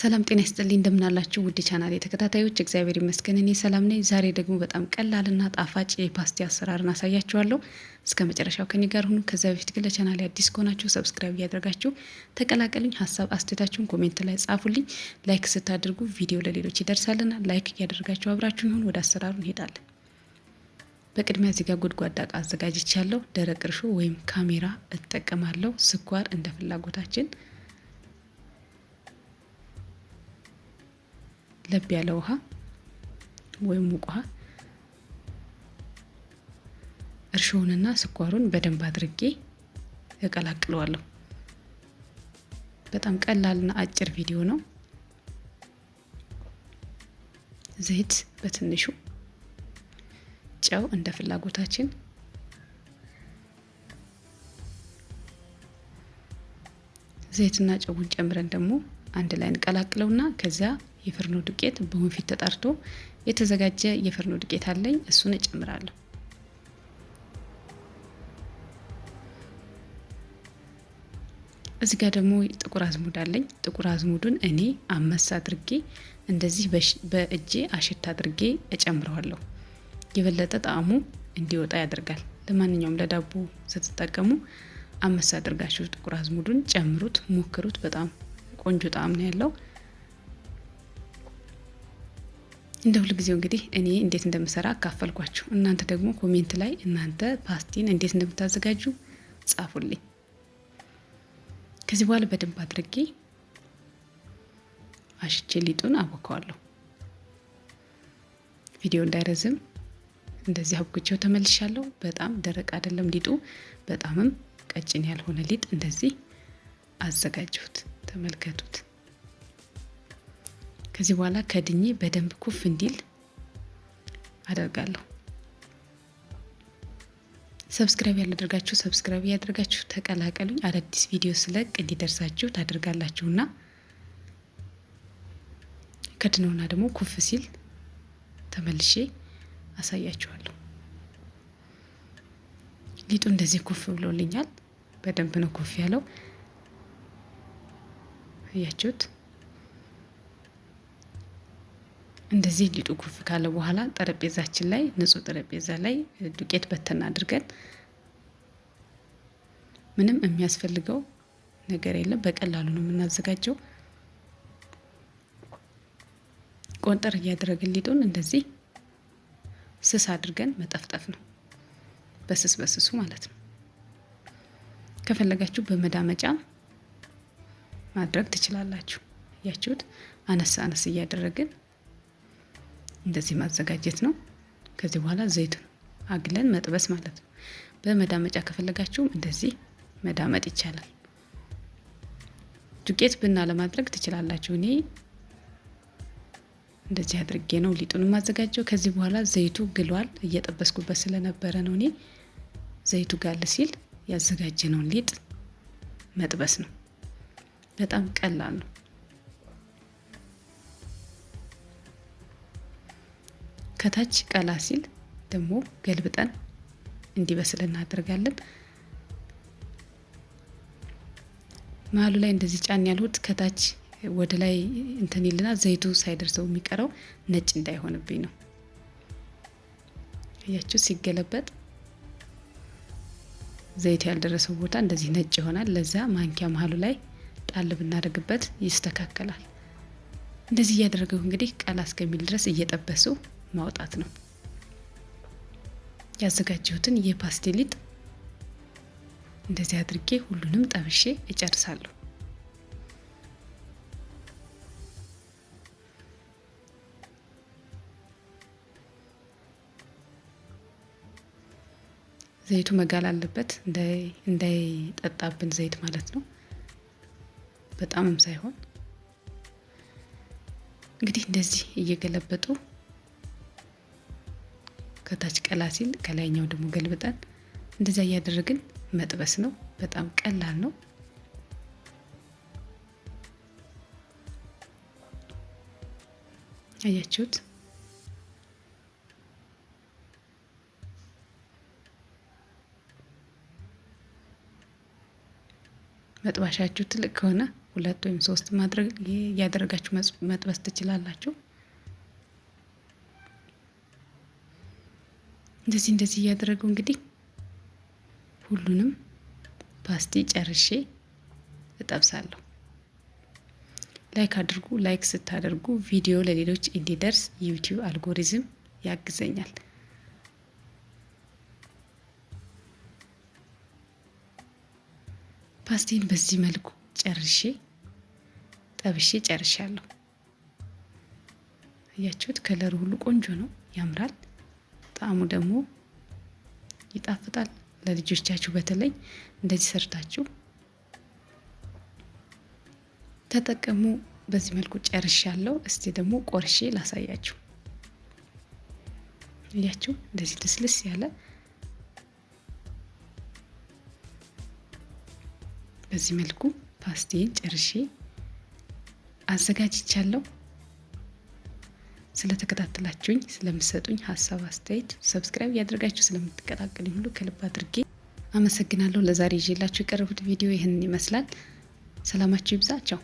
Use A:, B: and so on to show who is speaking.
A: ሰላም ጤና ይስጥልኝ እንደምናላችሁ ውድ ቻናል የተከታታዮች፣ እግዚአብሔር ይመስገን እኔ ሰላም ነኝ። ዛሬ ደግሞ በጣም ቀላልና ጣፋጭ የፓስቲ አሰራርን አሳያችኋለሁ። እስከ መጨረሻው ከኔ ጋር ሁኑ። ከዚያ በፊት ግን ለቻናል አዲስ ከሆናችሁ ሰብስክራይብ እያደረጋችሁ ተቀላቀሉኝ። ሀሳብ አስተያየታችሁን ኮሜንት ላይ ጻፉልኝ። ላይክ ስታደርጉ ቪዲዮ ለሌሎች ይደርሳልና ላይክ እያደረጋችሁ አብራችሁ ይሁን። ወደ አሰራሩ እንሄዳለን። በቅድሚያ ጋር ጎድጓዳ እቃ አዘጋጅቻለሁ። ደረቅ እርሾ ወይም ካሜራ እጠቀማለሁ። ስኳር እንደ ፍላጎታችን ለብ ያለ ውሃ ወይም ሙቅ ውሃ እርሾውንና ስኳሩን በደንብ አድርጌ እቀላቅለዋለሁ። በጣም ቀላልና አጭር ቪዲዮ ነው። ዘይት በትንሹ፣ ጨው እንደ ፍላጎታችን፣ ዘይትና ጨውን ጨምረን ደግሞ አንድ ላይ እንቀላቅለውና ከዚያ የፍርኖ ዱቄት በወንፊት ተጣርቶ የተዘጋጀ የፍርኖ ዱቄት አለኝ። እሱን እጨምራለሁ። እዚህ ጋር ደግሞ ጥቁር አዝሙድ አለኝ። ጥቁር አዝሙዱን እኔ አመስ አድርጌ እንደዚህ በእጄ አሽት አድርጌ እጨምረዋለሁ። የበለጠ ጣዕሙ እንዲወጣ ያደርጋል። ለማንኛውም ለዳቦ ስትጠቀሙ አመስ አድርጋችሁ ጥቁር አዝሙዱን ጨምሩት፣ ሞክሩት። በጣም ቆንጆ ጣዕም ነው ያለው። እንደ ሁልጊዜው እንግዲህ እኔ እንዴት እንደምሰራ አካፈልኳችሁ። እናንተ ደግሞ ኮሜንት ላይ እናንተ ፓስቲን እንዴት እንደምታዘጋጁ ጻፉልኝ። ከዚህ በኋላ በደንብ አድርጌ አሽቼ ሊጡን አቦከዋለሁ። ቪዲዮ እንዳይረዝም እንደዚህ አብኩቼው ተመልሻለሁ። በጣም ደረቅ አይደለም ሊጡ፣ በጣምም ቀጭን ያልሆነ ሊጥ እንደዚህ አዘጋጀሁት። ተመልከቱት። ከዚህ በኋላ ከድኜ በደንብ ኩፍ እንዲል አደርጋለሁ። ሰብስክራይብ ያላደርጋችሁ ሰብስክራይብ ያደርጋችሁ ተቀላቀሉኝ። አዳዲስ ቪዲዮ ስለቅ እንዲደርሳችሁ ታደርጋላችሁና ከድነውና ደግሞ ኩፍ ሲል ተመልሼ አሳያችኋለሁ። ሊጡ እንደዚህ ኩፍ ብሎልኛል። በደንብ ነው ኩፍ ያለው። እያችሁት እንደዚህ ሊጡ ኩፍ ካለ በኋላ ጠረጴዛችን ላይ ንጹህ ጠረጴዛ ላይ ዱቄት በተን አድርገን ምንም የሚያስፈልገው ነገር የለም። በቀላሉ ነው የምናዘጋጀው። ቆንጠር እያደረግን ሊጡን እንደዚህ ስስ አድርገን መጠፍጠፍ ነው። በስስ በስሱ ማለት ነው። ከፈለጋችሁ በመዳመጫ ማድረግ ትችላላችሁ። እያችሁት አነስ አነስ እያደረግን እንደዚህ ማዘጋጀት ነው። ከዚህ በኋላ ዘይቱን አግለን መጥበስ ማለት ነው። በመዳመጫ ከፈለጋችሁም እንደዚህ መዳመጥ ይቻላል። ዱቄት ብና ለማድረግ ትችላላችሁ። እኔ እንደዚህ አድርጌ ነው ሊጡን ማዘጋጀው። ከዚህ በኋላ ዘይቱ ግሏል፣ እየጠበስኩበት ስለነበረ ነው። እኔ ዘይቱ ጋል ሲል ያዘጋጀነውን ሊጥ መጥበስ ነው። በጣም ቀላል ነው። ከታች ቀላ ሲል ደግሞ ገልብጠን እንዲበስል እናደርጋለን። መሀሉ ላይ እንደዚህ ጫን ያልሁት ከታች ወደ ላይ እንትን ይልና ዘይቱ ሳይደርሰው የሚቀረው ነጭ እንዳይሆንብኝ ነው። እያችሁ ሲገለበጥ ዘይት ያልደረሰው ቦታ እንደዚህ ነጭ ይሆናል። ለዛ ማንኪያ መሀሉ ላይ ጣል ብናደርግበት ይስተካከላል። እንደዚህ እያደረገው እንግዲህ ቀላ እስከሚል ድረስ እየጠበሱ ማውጣት ነው። ያዘጋጀሁትን የፓስቴል ሊጥ እንደዚህ አድርጌ ሁሉንም ጠብሼ እጨርሳለሁ። ዘይቱ መጋል አለበት እንዳይጠጣብን ዘይት ማለት ነው። በጣምም ሳይሆን እንግዲህ እንደዚህ እየገለበጡ ከታች ቀላ ሲል ከላይኛው ደግሞ ገልብጠን እንደዚያ እያደረግን መጥበስ ነው። በጣም ቀላል ነው። አያችሁት? መጥባሻችሁ ትልቅ ከሆነ ሁለት ወይም ሶስት ማድረግ እያደረጋችሁ መጥበስ ትችላላችሁ። እንደዚህ እንደዚህ እያደረጉ እንግዲህ ሁሉንም ፓስቲ ጨርሼ እጠብሳለሁ። ላይክ አድርጉ። ላይክ ስታደርጉ ቪዲዮ ለሌሎች እንዲደርስ ዩቲዩብ አልጎሪዝም ያግዘኛል። ፓስቲን በዚህ መልኩ ጨርሼ ጠብሼ ጨርሻለሁ። እያችሁት ከለሩ ሁሉ ቆንጆ ነው፣ ያምራል። ጣዕሙ ደግሞ ይጣፍጣል። ለልጆቻችሁ በተለይ እንደዚህ ሰርታችሁ ተጠቀሙ። በዚህ መልኩ ጨርሻለሁ። እስቲ ደግሞ ቆርሼ ላሳያችሁ። እያችሁ እንደዚህ ልስልስ ያለ በዚህ መልኩ ፓስቴን ጨርሼ አዘጋጅቻለሁ። ስለተከታተላችሁኝ፣ ስለምሰጡኝ ሀሳብ አስተያየት፣ ሰብስክራይብ እያደረጋችሁ ስለምትቀላቀልኝ ሁሉ ከልብ አድርጌ አመሰግናለሁ። ለዛሬ ይዤላችሁ የቀረቡት ቪዲዮ ይህንን ይመስላል። ሰላማችሁ ይብዛቸው።